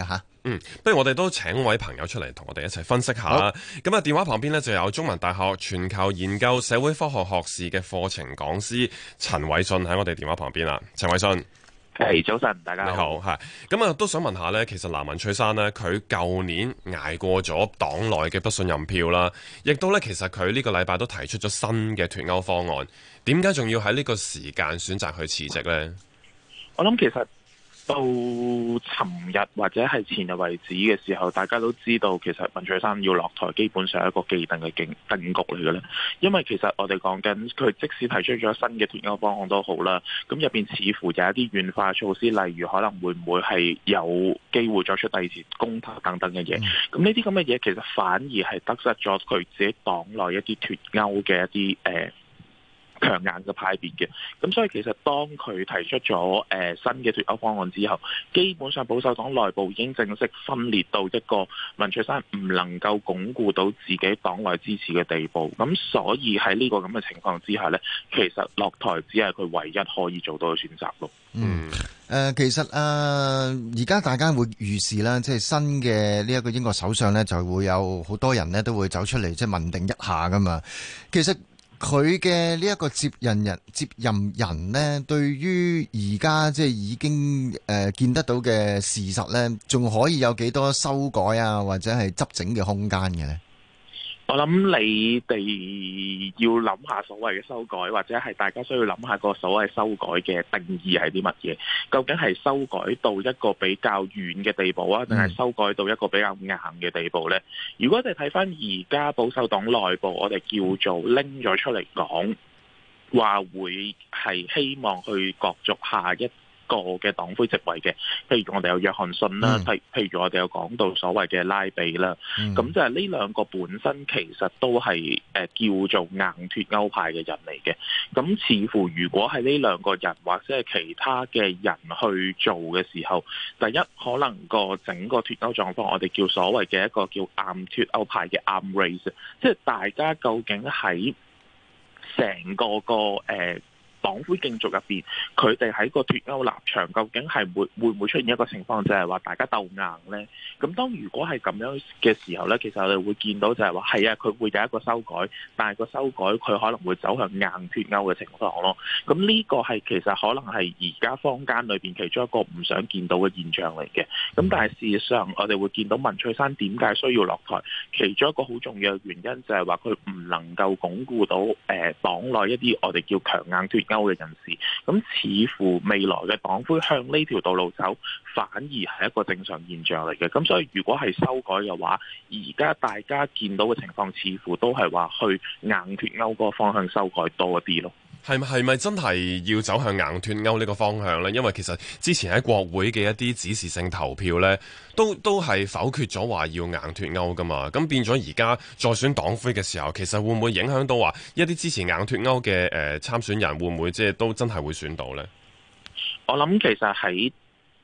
吓，嗯，不如我哋都請位朋友出嚟同我哋一齊分析下啦。咁好啊，電話旁邊呢就有中文大學全球研究社會科學學士嘅課程講師陳偉信喺我哋電話旁邊啦。陳偉信，係、hey, 早晨，大家好，吓，咁啊、嗯、啊，都想問下呢，其實南文翠珊呢，佢舊年捱過咗黨內嘅不信任票啦，亦都呢，其實佢呢個禮拜都提出咗新嘅脫歐方案，點解仲要喺呢個時間選擇去辭職呢？我諗其實。到尋日或者係前日為止嘅時候，大家都知道其實文翠珊要落台，基本上係一個既定嘅定局嚟嘅咧。因為其實我哋講緊佢即使提出咗新嘅脫歐方案都好啦，咁入邊似乎有一啲軟化措施，例如可能會唔會係有機會再出第二次公投等等嘅嘢。咁呢啲咁嘅嘢其實反而係得失咗佢自己黨內一啲脫歐嘅一啲誒。呃強硬嘅派別嘅，咁所以其實當佢提出咗誒、呃、新嘅脱歐方案之後，基本上保守黨內部已經正式分裂到一個文翠珊唔能夠鞏固到自己黨內支持嘅地步，咁所以喺呢個咁嘅情況之下呢，其實落台只係佢唯一可以做到嘅選擇咯。嗯，誒、呃、其實誒而家大家會預示啦，即係新嘅呢一個英國首相呢，就會有好多人呢都會走出嚟即係問定一下噶嘛。其實。佢嘅呢一個接任人，人接任人呢，對於而家即係已經，誒、呃，見得到嘅事實呢，仲可以有幾多修改啊，或者係執整嘅空間嘅呢？我諗你哋要諗下所謂嘅修改，或者係大家需要諗下個所謂修改嘅定義係啲乜嘢？究竟係修改到一個比較軟嘅地步啊，定係修改到一個比較硬嘅地步咧？如果你睇翻而家保守黨內部，我哋叫做拎咗出嚟講，話會係希望去角逐下一個嘅黨魁席位嘅。譬如我哋有約翰遜啦，譬、嗯、譬如我哋有講到所謂嘅拉比啦，咁、嗯、就係呢兩個本身其實都係誒叫做硬脱歐派嘅人嚟嘅。咁似乎如果係呢兩個人或者係其他嘅人去做嘅時候，第一可能個整個脱歐狀況，我哋叫所謂嘅一個叫硬脱歐派嘅 arm race，即係大家究竟喺成個個誒。呃黨魁競逐入邊，佢哋喺個脱歐立場，究竟係會會唔會出現一個情況，就係、是、話大家鬥硬呢？咁當如果係咁樣嘅時候呢，其實我哋會見到就係話，係啊，佢會有一個修改，但係個修改佢可能會走向硬脱歐嘅情況咯。咁呢個係其實可能係而家坊間裏邊其中一個唔想見到嘅現象嚟嘅。咁但係事實上，我哋會見到文翠珊點解需要落台，其中一個好重要嘅原因就係話佢唔能夠鞏固到誒、呃、黨內一啲我哋叫強硬脱歐嘅人士，咁似乎未來嘅黨魁向呢條道路走，反而係一個正常現象嚟嘅。咁所以如果係修改嘅話，而家大家見到嘅情況，似乎都係話去硬脱歐個方向修改多一啲咯。係咪係咪真係要走向硬脱歐呢個方向呢？因為其實之前喺國會嘅一啲指示性投票呢，都都係否決咗話要硬脱歐㗎嘛。咁變咗而家再選黨魁嘅時候，其實會唔會影響到話一啲支持硬脱歐嘅誒、呃、參選人會唔會即係都真係會選到呢？我諗其實喺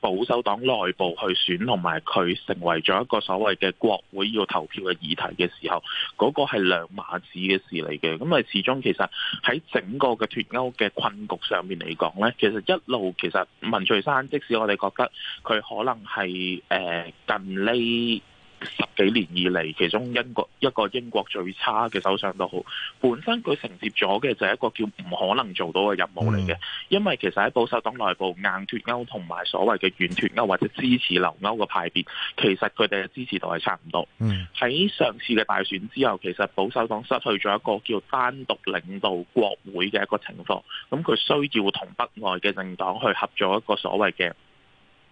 保守黨內部去選同埋佢成為咗一個所謂嘅國會要投票嘅議題嘅時候，嗰、那個係兩碼子嘅事嚟嘅。咁咪始終其實喺整個嘅脱歐嘅困局上面嚟講呢，其實一路其實文翠珊即使我哋覺得佢可能係誒、呃、近呢。十幾年以嚟，其中英國一個英國最差嘅首相都好，本身佢承接咗嘅就係一個叫唔可能做到嘅任務嚟嘅，因為其實喺保守黨內部硬脱歐同埋所謂嘅軟脱歐或者支持留歐嘅派別，其實佢哋嘅支持度係差唔多。喺、嗯、上次嘅大選之後，其實保守黨失去咗一個叫單獨領導國會嘅一個情況，咁佢需要同北愛嘅政黨去合作一個所謂嘅。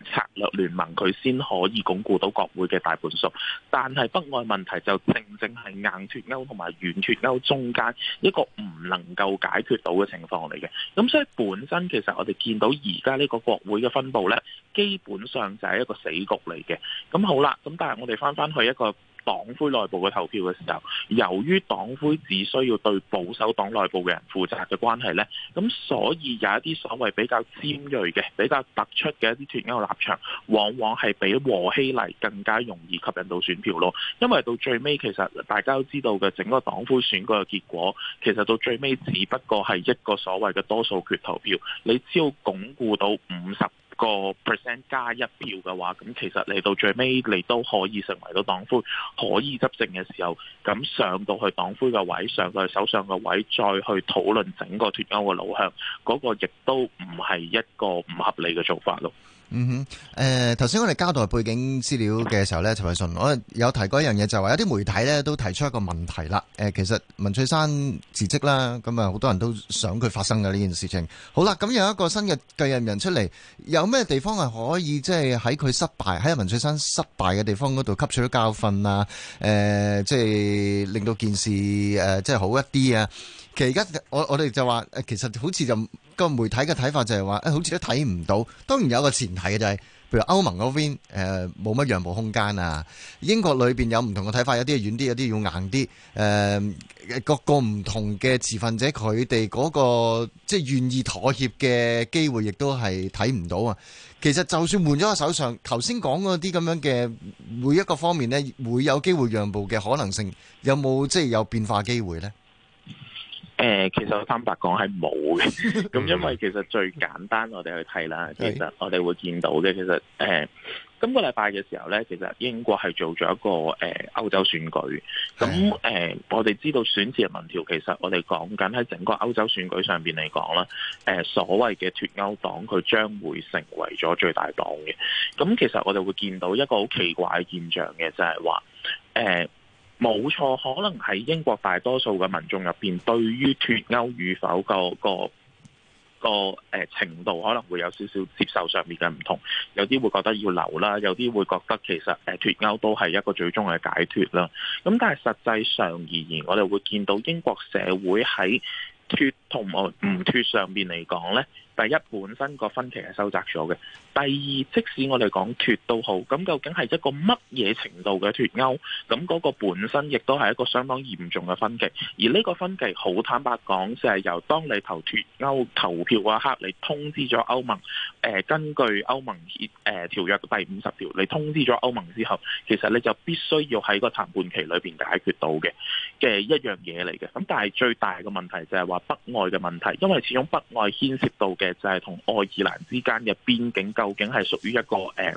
策略聯盟佢先可以鞏固到國會嘅大半數，但係北愛問題就正正係硬脱歐同埋軟脱歐中間一個唔能夠解決到嘅情況嚟嘅。咁所以本身其實我哋見到而家呢個國會嘅分佈呢，基本上就係一個死局嚟嘅。咁好啦，咁但係我哋翻翻去一個。黨魁內部嘅投票嘅時候，由於黨魁只需要對保守黨內部嘅人負責嘅關係呢，咁所以有一啲所謂比較尖鋭嘅、比較突出嘅一啲脫歐嘅立場，往往係比和稀泥更加容易吸引到選票咯。因為到最尾其實大家都知道嘅整個黨魁選舉嘅結果，其實到最尾只不過係一個所謂嘅多數決投票，你只要鞏固到五十個 percent 加一票嘅話，咁其實嚟到最尾，你都可以成為到黨魁，可以執政嘅時候，咁上到去黨魁嘅位，上到去首相嘅位，再去討論整個脫歐嘅路向，嗰、嗰個亦都唔係一個唔合理嘅做法咯。嗯哼，誒頭先我哋交代背景資料嘅時候呢，陳偉信，我有提過一樣嘢，就係話有啲媒體呢都提出一個問題啦。誒、呃，其實文翠珊辭職啦，咁啊好多人都想佢發生嘅呢件事情。好啦，咁有一個新嘅繼任人出嚟，有咩地方係可以即係喺佢失敗，喺文翠珊失敗嘅地方嗰度吸取咗教訓啊？誒、呃，即係令到件事誒即係好一啲啊！其實而家我我哋就話，誒，其實好似就個媒體嘅睇法就係話，誒，好似都睇唔到。當然有個前提嘅就係、是，譬如歐盟嗰邊，誒、呃，冇乜讓步空間啊。英國裏邊有唔同嘅睇法，有啲軟啲，有啲要硬啲。誒，各個唔同嘅持份者，佢哋嗰個即係願意妥協嘅機會，亦都係睇唔到啊。其實就算換咗個首相，頭先講嗰啲咁樣嘅每一個方面呢，會有機會讓步嘅可能性，有冇即係有變化機會呢？誒，其實我坦白講係冇嘅，咁因為其實最簡單我哋去睇啦，其實我哋會見到嘅，其實誒、呃，今個禮拜嘅時候咧，其實英國係做咗一個誒歐、呃、洲選舉，咁、嗯、誒的、呃、我哋知道選戰民調，其實我哋講緊喺整個歐洲選舉上面嚟講啦，誒、呃、所謂嘅脫歐黨佢將會成為咗最大黨嘅，咁、嗯、其實我哋會見到一個好奇怪嘅現象嘅，就係話誒。呃冇錯，可能喺英國大多數嘅民眾入邊，對於脫歐與否、嗰個、嗰個個誒程度，可能會有少少接受上面嘅唔同。有啲會覺得要留啦，有啲會覺得其實誒脫歐都係一個最終嘅解脫啦。咁但係實際上而言，我哋會見到英國社會喺脫同埋唔脫上邊嚟講咧。第一，本身個分歧係收窄咗嘅；第二，即使我哋講脱都好，咁究竟係一個乜嘢程度嘅脫歐，咁嗰個本身亦都係一個相當嚴重嘅分歧。而呢個分歧，好坦白講，就係由當你投脫歐投票嗰一刻，你通知咗歐盟，誒、呃、根據歐盟協誒、呃、條約第五十條，你通知咗歐盟之後，其實你就必須要喺個談判期裏邊解決到嘅嘅一樣嘢嚟嘅。咁但係最大嘅問題就係話北愛嘅問題，因為始終北愛牽涉到嘅。就係同愛爾蘭之間嘅邊境，究竟係屬於一個誒、呃、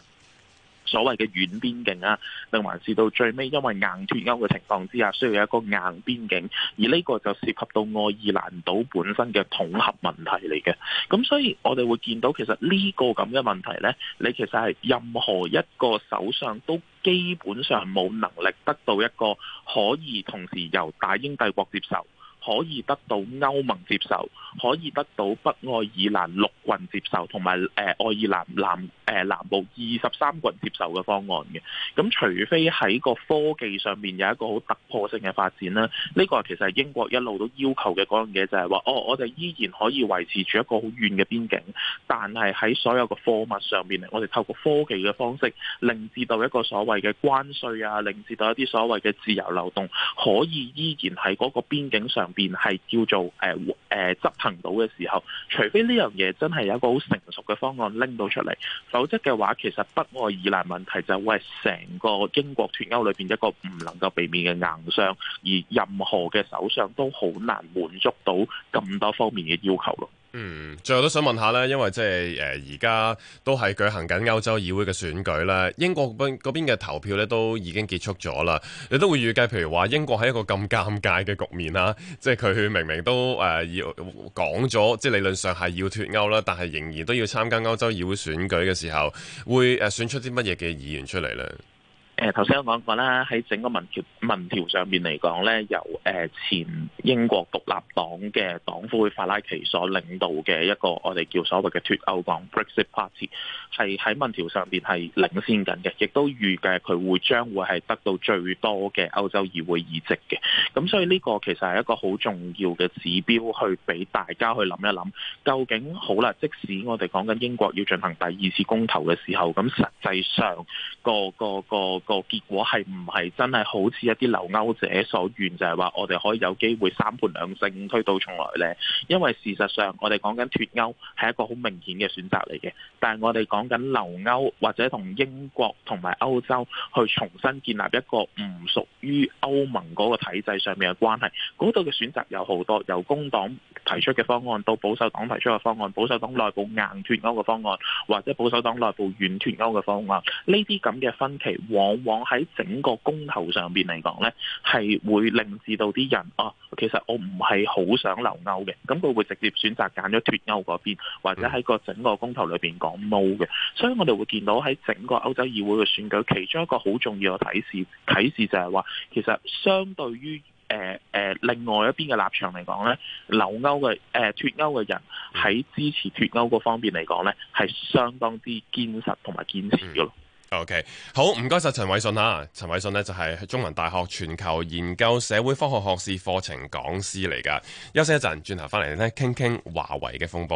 所謂嘅軟邊境啊，定還是到最尾因為硬脱歐嘅情況之下，需要有一個硬邊境，而呢個就涉及到愛爾蘭島本身嘅統合問題嚟嘅。咁所以我哋會見到，其實呢個咁嘅問題咧，你其實係任何一個首相都基本上冇能力得到一個可以同時由大英帝國接受。可以得到歐盟接受，可以得到北愛爾蘭陸運接受，同埋誒愛爾蘭南。南誒南部二十三個人接受嘅方案嘅，咁除非喺個科技上面有一個好突破性嘅發展啦，呢個其實係英國一路都要求嘅嗰樣嘢，就係話，哦，我哋依然可以維持住一個好遠嘅邊境，但係喺所有個貨物上面，我哋透過科技嘅方式，令至到一個所謂嘅關稅啊，令至到一啲所謂嘅自由流動，可以依然喺嗰個邊境上邊係叫做誒。呃誒執行到嘅時候，除非呢樣嘢真係有一個好成熟嘅方案拎到出嚟，否則嘅話，其實北愛爾蘭問題就會係、是、成個英國脱歐裏邊一個唔能夠避免嘅硬傷，而任何嘅首相都好難滿足到咁多方面嘅要求咯。嗯，最後都想問下咧，因為即係誒，呃、而家都係舉行緊歐洲議會嘅選舉咧，英國邊嗰邊嘅投票咧都已經結束咗啦。你都會預計，譬如話英國喺一個咁尷尬嘅局面啦，啊，即係佢明明都誒要講咗，即係理論上係要脱歐啦，但係仍然都要參加歐洲議會選舉嘅時候，會誒、呃、選出啲乜嘢嘅議員出嚟咧？誒頭先我講過啦，喺整個民調、民調上面嚟講咧，由誒前英國獨立黨嘅黨魁法拉奇所領導嘅一個我哋叫所謂嘅脱歐黨 Brexit Party，係喺民調上邊係領先緊嘅，亦都預計佢會將會係得到最多嘅歐洲議會議席嘅。咁所以呢個其實係一個好重要嘅指標，去俾大家去諗一諗，究竟好啦，即使我哋講緊英國要進行第二次公投嘅時候，咁實際上個個個。個結果係唔係真係好似一啲留歐者所願，就係話我哋可以有機會三盤兩勝推倒重來咧？因為事實上我哋講緊脱歐係一個好明顯嘅選擇嚟嘅，但係我哋講緊留歐或者同英國同埋歐洲去重新建立一個唔屬於歐盟嗰個體制上面嘅關係，嗰度嘅選擇有好多，由工黨提出嘅方案到保守黨提出嘅方案，保守黨內部硬脱歐嘅方案或者保守黨內部軟脱歐嘅方案，呢啲咁嘅分歧往往喺整個公投上邊嚟講呢，係會令至到啲人啊，其實我唔係好想留歐嘅，咁佢會直接選擇揀咗脱歐嗰邊，或者喺個整個公投裏邊講冇嘅。所以我哋會見到喺整個歐洲議會嘅選舉，其中一個好重要嘅提示啟示就係話，其實相對於誒誒、呃呃、另外一邊嘅立場嚟講呢，留歐嘅誒脱歐嘅人喺支持脱歐嗰方面嚟講呢，係相當之堅實同埋堅持嘅。OK，好，唔該晒陳偉信啊，陳偉信咧就係中文大學全球研究社會科學學士課程講師嚟噶，休息一陣，轉頭翻嚟咧傾傾華為嘅風波。